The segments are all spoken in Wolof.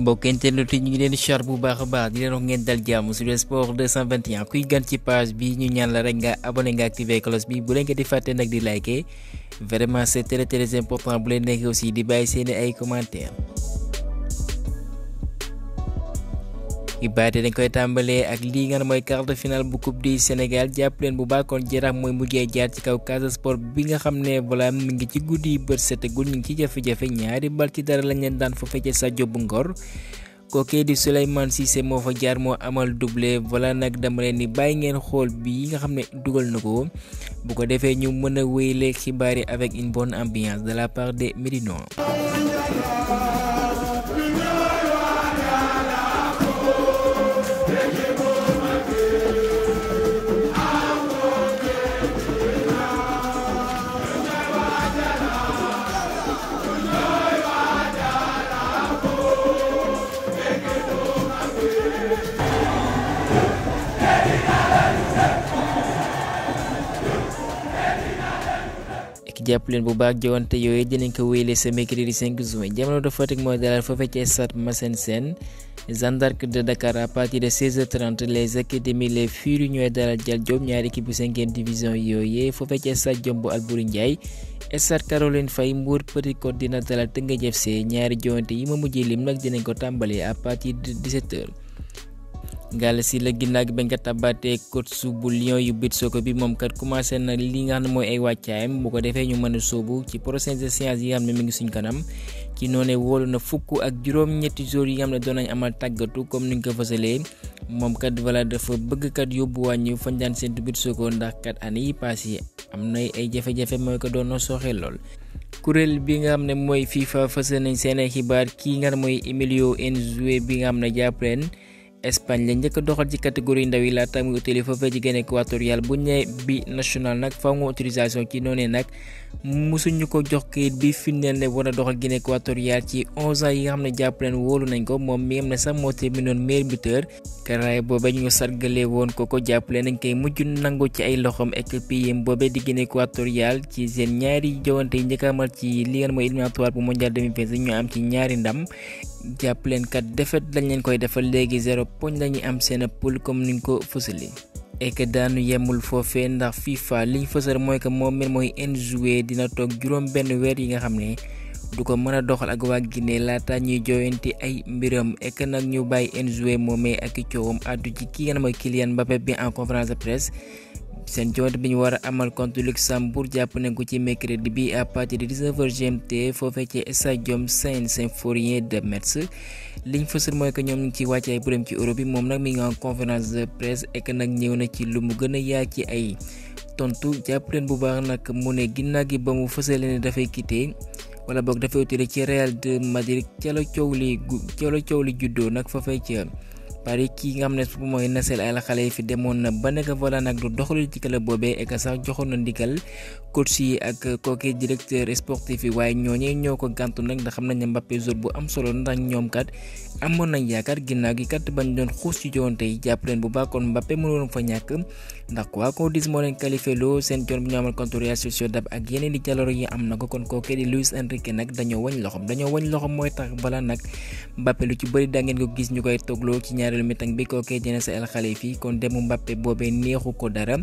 mbokk internet yi ñu leen char bu baax baax di leen wax ngeen dal jàmm sur le sport kuy gan ci page bi ñu ñaan rek nga abonné nga activé cloche bi bu leen ko di fàtte nag di liker vraiment c'est très très important bu leen nekk aussi di bàyyi seeni ay commentaires. baate dañ koy tàmbalee ak lii nga mooy quart de finale bu coupe du Sénégal jàpp leen bu baaxoon jaraaf mooy mujjee jaar ci kaw Casa Sport bi nga xam ne voilà mi ngi ci guddi yi bët setagul ñu ngi ci jafe-jafe ñaari bal ci dara lañ leen daan fa fecce Sadio bu Ngor. kookee di Souleymane Cissé moo fa jaar moo amal doublé voilà nag dama leen ni bàyyi ngeen xool bi nga xam ne dugal na ko bu ko defee ñu mën a wéyle xibaar yi avec une bonne ambiance de la part des Médinois. jàpp leen bu baax jowante yooyu dinañ ko wéyle sa mercredi 5 juin jamono mooy dalal foofee ci stade Massène Sène de Dakar à partir de 16h30 les académies ñooy dalal Jal Diop ñaari équipe bu cinquième division yooyu foofee ci stade Diombo Albouri Ndiaye stade Caroline Faye Mbour Petite dina dalal Teungueth FC ñaari jowante yi ma mujjee lim nag dinañ ko tàmbalee à partir de 17 Galasi la ginnaaw gi bañ ko tabaatee coach bu Lion yu bit soko bi moom kat commencé na li nga xam ne mooy ay wàccaayam bu ko defee ñu a sóobu ci prochaines séances yi nga xam ne mi mooy ko doon sooxee bi nga xam ne mooy Espagne la njëkk doxal ci catégorie ndaw yi laata muy utile foofee ci Guinée équatoriale bu ñëwee bi national nag faw nga autorisation ci noonee nag mësuñu ko jox kayit bi firndeel ne war a doxal Guinée équatoriale ci 11 ko moom mi am ne sax moo terminoon meilleur buteur karaay boobee ñu sargalee woon ko ko jàpp leen ci ñaari li ngeen mooy éliminatoire bu mondial 2026 ñu ndam jàpp leen kat koy defal léegi poñ lañuy am seen poule comme niñ ko fësale et que daanu yemul foofee ndax FIFA liñ fësal mooy que moom mel mooy Nzoué dina toog juróom benn weer yi nga xam ne du ko mën a doxal ak waa ginne laata ñuy jooyanti ay mbiram et nag ñu bàyyi Nzoué moomee ak coowam àddu ci ki nga xam ne bi en conférence de presse. seen jont bi ñu war a amal contre Luxembourg jàpp nañ ko ci mercredi bi à partir de 19h GMT foofee ci stadium Saint-Symphorien de Metz liñ fësal mooy que ñoom ngi ci wàccaay bu dem ci Europe bi moom nag mi ngi en conférence de presse ek nag ñëw na ci lu mu gën a yaa ci ay tontu jàpp leen bu baax nag mu ne ginnaaw gi ba mu fësal ne dafay kiite wala boog dafay utile ci Real de Madrid ca coow li gu la coow li juddoo nag foofee ca. pari ki nga xam ne mooy Nasser Al Khelaifi demoon na ba naka Volant nag du doxalu ci club boobee et que sax joxoon na ndigal coach yi ak kooki directeur sportif yi waaye ñooñee ñoo ko gàntu nag ndax xam Mbappé jour bu am solo ndax ñoom kat amoon nañ yaakaar ginnaaw gi kat bañ doon xuus ci joonte yi leen bu baax kon Mbappé mënoon fa ñàkk ndax waa Codis moo leen qualifié loo seen joon bu ñu contre Real Sociedad ak yeneen di jaloor yi am nako kon kooki di Luis Enrique nak dañoo wañ loxom dañoo wañ loxom mooy tax bala nak Mbappé lu ci bëri da ngeen ko gis ñu koy ci mbirum mi tang bi kookee dina sa El Khalifi kon demu Mbappé boobee neexu ko dara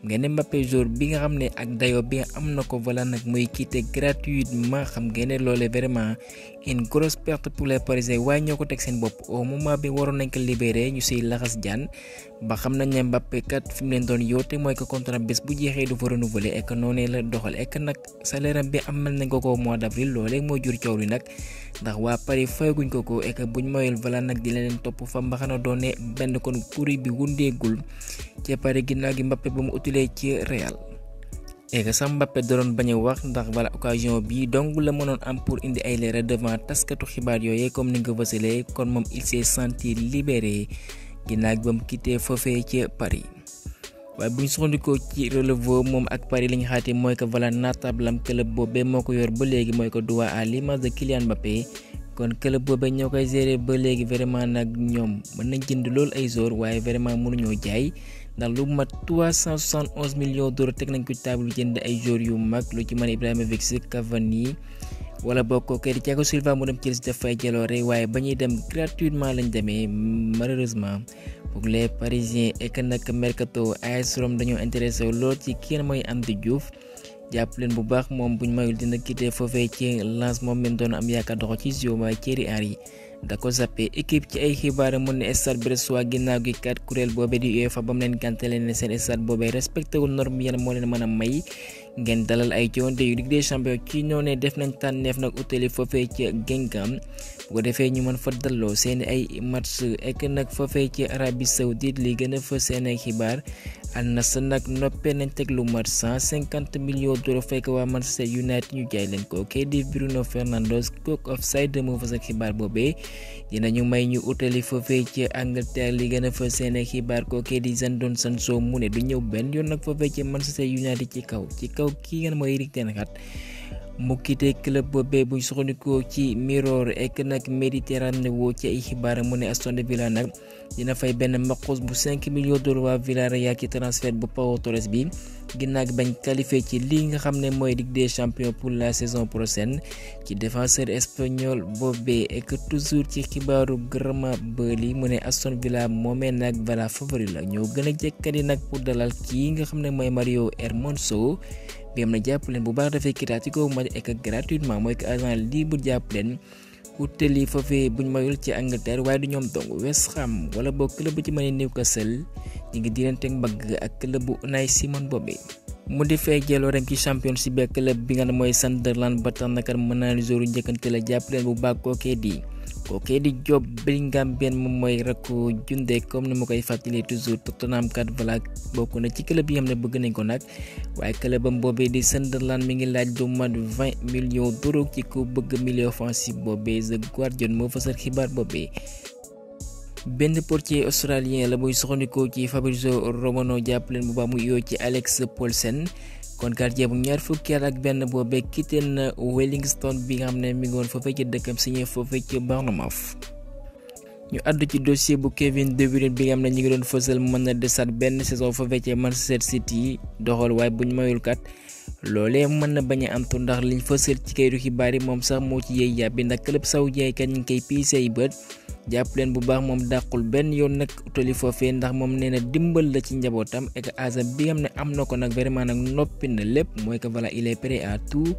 nga ne Mbappé jour bi nga xam ne ak dayo bi am na ko wala nag mooy quitté gratuitement xam nga ne loolee vraiment une grosse perte pour les Parisiens waaye ñoo ko teg seen bopp au moment bi waroon nañ ko libéré ñu siy laxas jaan ba xam nañ ne Mbappé kat fi mu leen doon te mooy que contrat bés bu jeexee du fa renouveler et que noonu la doxal et que nag salaire bi amal nañ ko ko mois d' avril loolee moo jur coow li nag ndax waa Paris guñ ko ko et que buñ moyul wala nag di leen topp fa mbaxana doone benn kon kuréel bi wundeegul ci Paris ginnaaw gi Mbappé ba titulaire ci Real et que sax Mbappé da doon bañ wax ndax wala occasion bii dong la mënoon am pour indi ay leeral devant taskatu xibaar yooyee comme ni nga ko wasalee kon moom il s'est senti libéré ginnaaw ba mu quitté foofee ci Paris. waaye bu ñu sukkandikoo ci relevo moom ak Paris li ñu xaati mooy que wala naataablam club boobee moo ko yor ba léegi mooy ko droit à l'image de Kylian Mbappé kon club boobee ñoo koy gérer ba léegi vraiment nag ñoom mën nañ jënd loolu ay joueurs waaye vraiment mënuñoo jaay. ndax lu mat 371 millions d'euros teg nañ ko ci table jënd ay joueurs yu mag lu ci mën Ibrahimovic Cavani wala bokk kër Thiago Silva mu dem Chelsea dafay jaloore waaye ba ñuy dem gratuitement lañu demee malheureusement pour les parisiens et que nag mercato AS Rome dañoo intéressé lool ci kenn mooy Amdy Diouf jàpp leen bu baax moom buñ mayul dina kité foofee ci lance moom mi doon am yaakaar doxo ci Zio Thierry Henry da ko zappé équipe ci ay a mun ne stade brestois ginnaaw gi kat kuréel boobe di UEFA ba mu leen gàntale ne seen stade boobee respecté wul norme yan moo leen mën a may ngeen dalal ay jonte yu Ligue des champions ci ñoo def nañ tànneef nag utali foofee ci Guingamp bu ko defee ñu mën fa dalloo seen ay match ek nag foofee ci Arabie Saoudite li gën a fa seen ay xibaar alnas nag noppee nañ teg lu mat cinquante millions d'euros fekk waa Manchester United ñu jaay leen ko kii di Bruno Fernandes kooku offside moo fas ak xibaar boobee dinañu may ñu utali foofee ci Angleterre li gën a fas seen xibaar ko kii di Jadon Sancho mu ne du ñëw benn yoon nag foofee ci Manchester United ci kaw ci kaw kii ngeen mooy Erik ten Hag mu quitté club boobee buñ soxandikoo ci Mirror ek nag Méditerranée woo ci ay xibaar mu ne Aston Villa nag dina fay benn mbaqus bu 5 millions de dollars Villarreal ci transfert bu Pau Torres bi. ginnaaw bañ qualifié ci lii nga xam ne mooy Ligue des champions pour la saison prochaine ci défenseur espagnol boobee ek toujours ci xibaaru Grama Bali mu ne Aston Villa moomee nag vala favori la ñoo gën a jekkati nag pour dalal kii nga xam ne mooy Mario Hermoso bi am na jàpp leen bu baax dafay kitaati ko match ek gratuitement mooy que agent lii bu jàpp leen utali bu buñ mayul ci Angleterre waaye du ñoom dong West Ham wala boo club bu ci mën a Newcastle ñu ngi diirante mbagg ak club bu Unai Simon boobee. mu di fee jëloo rem ci champion si beeg bi nga xam mooy Sunderland ba tax na kat mën naa ne njëkkante la jàpp leen bu baax kookee di. kooku di Job Bellingham benn moom mooy rakku Junde comme ni ma koy fàttali toujours Tottenham kat voilà bokk na ci club yi xam ne bëgg nañ ko nag waaye clubam boobee di Sunderland mi ngi laaj du mat vingt ci ku bëgg milieu offensif boobee The Guardian moo fësal xibaar boobee. benn portier australien la muy soxandikoo ci Fabrizio Romano jàpp leen bu baax mu yoo ci Alex Paulsen. kon quartier bu ñaar fukki at ak benn boobee quitté na Wellington bi nga xam ne mi ngi woon foofee ci dëkkam signé foofee ci Bournemouth ñu àddu ci dossier bu Kevin De Bruyne bi nga xam ne ñu ngi doon fësal mën na desaat benn saison foofee ci Manchester City doxal waaye bu ñu mayul kat loolee mën na bañ a antu ndax liñ fësal ci kayitu xibaar yi moom sax moo ci yéey yàbbi ndax club saoudien kat ñu ngi koy piisee bët jàpp leen bu baax moom dàqul benn yoon nag utali foofee ndax moom nee na dimbal la ci njabootam et que bi nga ne am na ko nag vraiment nag noppi na lépp mooy que voilà il est prêt tout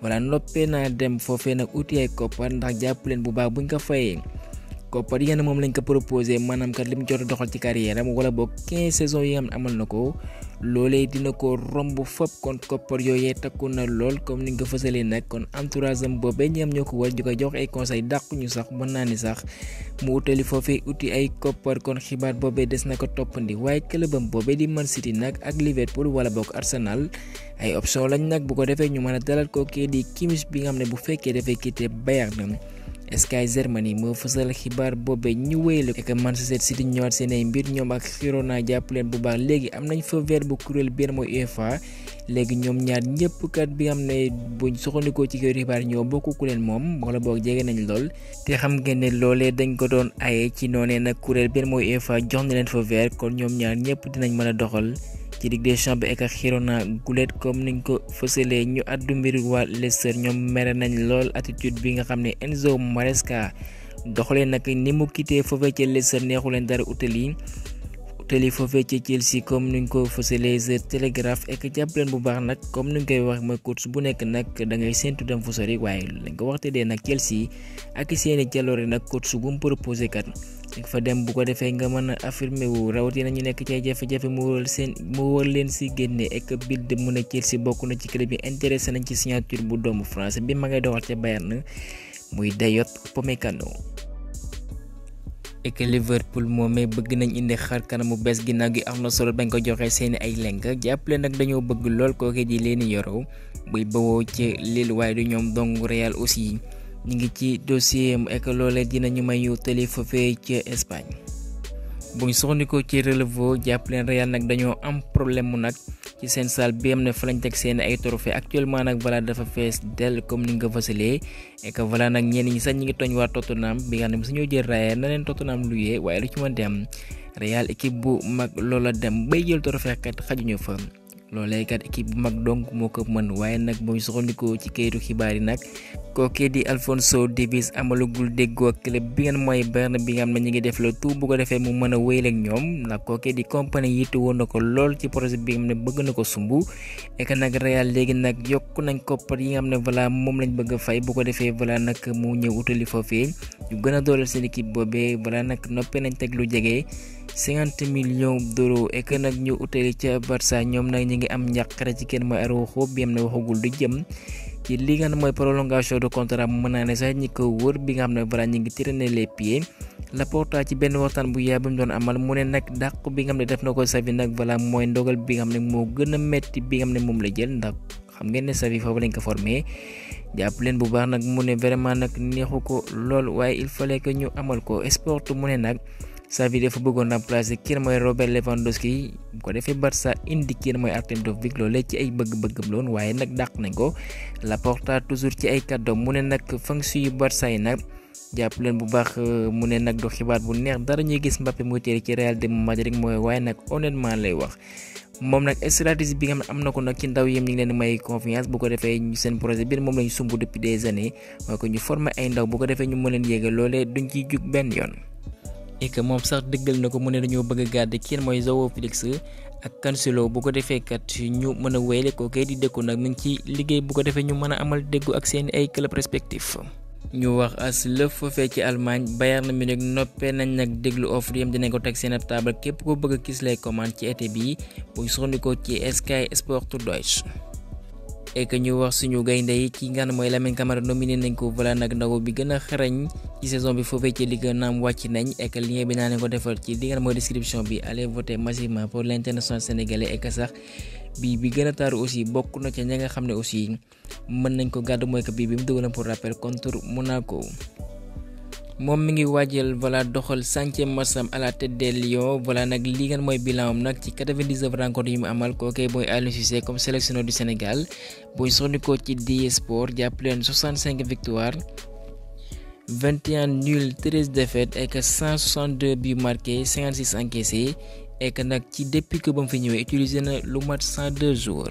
voilà noppee naa dem foofee nag uti ay koppar ndax jàpp leen bu baax buñ ko fayee. koppar yi moom lañ ko proposé maanaam kat li mu jot a doxal ci carrière am wala boog 15 yi nga na ko loolee dina ko romb fop kon koppar yooyee takku na lool comme ni nga ko fësalee nag kon entourage am boobee ñi am ñoo ko war ñu koy jox ay conseil dàqu ñu sax mën naa ni sax mu utali foofee uti ay koppar kon xibaar boobee des na ko toppandi waaye këlëbam boobee di Man City nag ak Liverpool wala boog Arsenal ay option lañ nag bu ko defee ñu mën a dalal ko kii di bi nga xam ne bu fekkee dafay quitté Bayern Sky Germany moo fësal xibaar boobee ñu wéyale ak Manchester City ñëwaat seen ay mbir ñoom ak Girona jàpp leen bu baax léegi am nañ fa ver bu kuréel benn mooy UEFA léegi ñoom ñaar ñëpp kat bi nga xam ne buñ soxandikoo ci kër xibaar ñoo bokk ku leen moom wala boog jege nañ lool te xam ngeen ne loolee dañ ko doon aye ci noonee nag kuréel benn mooy UEFA jox na leen fa kon ñoom ñaar ñëpp dinañ mën a doxal. ci Ligue des Champions ak Girona gulet comme niñ ko fësalee ñu àddu mbir waa Leicester ñoom mere nañ lool attitude bi nga xam ne Enzo Maresca doxalee nag ni mu quitté foofee ca Leicester neexu leen dara utali utali foofee ca Chelsea comme niñ ko fësalee The Telegraph ek jàppaleen bu baax nag comme niñ koy wax mooy course bu nekk nag da ngay séntu dem fu sori waaye lañ ko waxte dee nag Chelsea ak seeni jaloore nag course bu mu dañ fa dem bu ko defee nga mën a affirmé wu rawatina ñu nekk ci ay jafe-jafe mu wóol seen mu wóol leen si génne ek bild mu ne Chelsea bokk na ci club yi intéressé nañ ci signature bu doomu français bi ma ngay doxal ca Bayern muy Dayot ek Liverpool moomee bëgg nañ indi xar kanamu bees ginnaaw gi am solo bañ ko joxee seeni ay lenk jàppale nag dañoo bëgg lool kooke di leen buy ci du dong Real aussi ñu ngi ci dossier mu ek dina ñu mayu tëli foofee ca Espagne bu ñu soxandikoo ci relevo jàpp leen Real nag dañoo am problème mu nag ci seen salle bi am ne fa lañ teg seen ay trophée actuellement nag Valla dafa fees del comme ni nga ko fasalee et que Valla nag ñenn ñi sax ñi ngi tooñ waa Tottenham bi nga xam ne bi suñoo jël Real na leen Tottenham luyee waaye lu ci mën dem Real équipe bu mag loola dem bay jël trophée kat xajuñu fa. loolee kat équipe bu mag donc moo ko mën waaye nag bu ñu sukkandikoo ci kayitu xibaar yi nag kookee di Alphonso Davies amalagul déggoo ak club bi ngeen mooy Berne bi nga xam ne ñu ngi def la tout bu ko defee mu mën a wéyal ñoom ndax kookee di compagnie yitte woon na ko lool ci projet bi nga xam ne bëgg na ko sumb et que nag Real léegi nag yokk nañ koppat yi nga xam ne voilà moom lañ bëgg a fay bu ko defee voilà nag mu ñëw utali foofee ñu gën a dooleel seen équipe boobee voilà nag noppee nañ teg lu jege 50 millions d'euros et que nag ñu utali ca Barça ñoom nag ngi am njàqare ci kenn mooy Arua Xob bi am ne waxagul du jëm ci li nga xam ne mooy prolongation de contrat mu mën naa sax ñi ko wër bi nga xam ne bara ñi ngi traîner les pieds Laporta ci benn waxtaan bu yaay bi doon amal mu ne nag dàq bi nga xam ne def na ko Xavi nag voilà mooy ndogal bi nga xam ne moo gën a metti bi nga xam ne moom la jël ndax xam ngeen ne Xavi foofu lañ ko formé jàpp leen bu baax nag mu ne vraiment nag neexu lool waaye il fallait que ñu amal ko sport mu ne nag. Xavi dafa bëggoon remplacer kii mooy Robert Lewandowski bu ko defee Barça indi kii mooy Artem Dovbyk loolee ci ay bëgg-bëggam loon waaye nag dàq nañ ko ci ay kàddoom mu ne nag fonction yu Barça yi nag jàpp leen bu baax mu ne nag du xibaar bu neex dara ñuy gis Mbappé muy téere ci Real de Madrid mooy waaye nag honnêtement lay wax. moom nag stratégie bi nga am na ko nag ci ndaw yem ñu ngi leen may confiance bu ko defee ñu seen projet bi moom lañu sumb depuis et que moom sax dëggal na ko mu ne dañoo bëgg a garder kii mooy Joao Félix ak Cancelo bu ko defee kat ñu mën a wéyale koo kay di dëkku nag mu ngi ciy liggéey bu ko defee ñu mën a amal déggu ak seen ay club respectif ñu wax as lëf foofee ci Allemagne Bayern Munich noppee nañ nag déglu offre yam dinañ ko teg seen ab table képp ko bëgg a gis commande ci été bii bu ñu ci Sky Sport Deutsch. et ñu wax suñu gaynde yi ci nga xam mooy Lamine Camara nominé nañ ko voilà nag ndaw bi gën a xarañ ci saison bi foofee ci ligue naam wàcc nañ et que lien bi naa leen ko defal ci li mooy description bi allez voter massivement pour l'international sénégalais et que sax bii bi gën a taaru aussi bokk na ca ña nga xam ne aussi mën nañ ko gàdd mooy que bii bi mu dugaloon pour rappel contre Monaco. moom mi ngi waajal voilà doxal centième matcham à la tête des Lions voilà nag lii ngeen mooy bilan nag ci 99 rencontres yu mu amal kookee mooy Aliou Cissé comme sélectionneur du Sénégal booy soxnikoo ci DI Sport jàpp leen 65 victoires 21 nuls 13 défaites et que 162 buts marqués 56 encaissés et que nag ci depuis que ba mu fi ñëwee utilisé na lu mat 102 jours.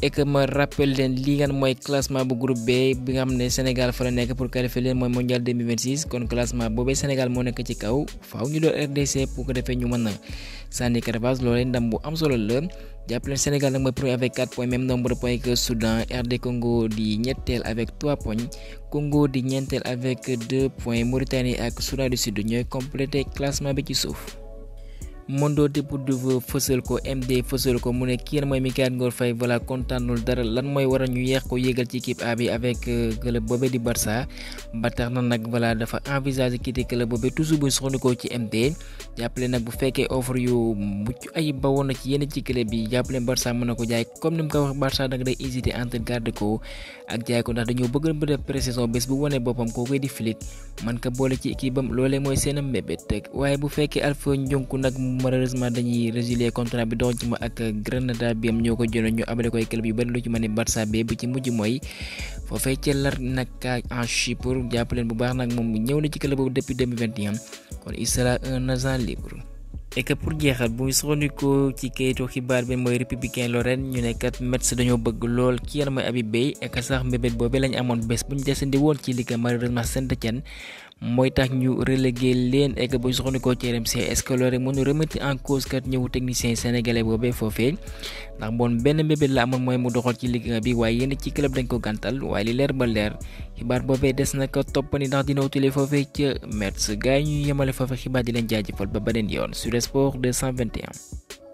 et que ma rappel leen li ngeen mooy classement bu groupe B bi nga xam ne Sénégal fa la nekk pour qualifier leen mondial 2026 kon classement boobee Sénégal moo nekk ci kaw faaw ñu doon RDC pour ko defee ñu mën na sànni Caravage ndam bu am solo la jàppale Sénégal nag mooy premier avec 4 points même nombre de points que Soudan RD Congo di ñetteel avec 3 points Congo di ñeenteel avec 2 points Mauritanie ak Soudan du Sud ñooy complété classement bi ci Mondo Deportivo fësal ko MD fësal ko mu ne kii mooy Mikayil Ngor Faye voilà kontaanul dara lan mooy waral ñu yeex ko yéegal ci équipe A bi avec euh, club boobee di Barça ba tax na nag voilà dafa envisager quitter club boobee toujours bu soxnikoo ci MD jàppale nag bu fekkee offre yu mucc ayib ba woon na ci yenn ci club yi jàppale Barça mën na ko jaay comme ni mu ko wax Barça nag day hésiter entre garder ko ak jaay ko ndax dañoo bëgg ba def pré-saison bu wone boppam koo koy di Flick man ko boole ci équipe am loolee mooy seen mbébét malheureusement dañuy résilier contrat bi doxoon ci ma ak Granada bi am ñoo ko jëloon ñu abale koy club yu bari lu ci mën a Barça bi bu ci mujj mooy foofee ca Larnaca en Chypre jàppaleen bu baax nag moom ñëw na ci club boobu depuis 2021 kon il sera un agent libre. et que pour jeexal bu ñu soxandikoo ci kayitu xibaar bi mooy républicain Lorraine ñu ne kat Metz dañoo bëgg lool ki yan mooy Habib Beye et que sax mbébét boobee lañ amoon bés bu ñu desandi woon ci liga malheureusement mooy tax ñu relégué leen ek bu ñu soxandikoo ci RMC est-ce que loolu mënu remettre en cause kat ñëw technicien sénégalais boobee foofee ndax bon benn mbébét la amoon mooy mu doxal ci liggéey bi waaye yenn ci club dañ ko gàntal waaye li leer ba leer xibaar boobee des na ko toppani ndax dina wutale foofee ca Metz gars yi ñuy yemale foofee xibaar di leen jaajëfal ba beneen yoon sur Sport 221.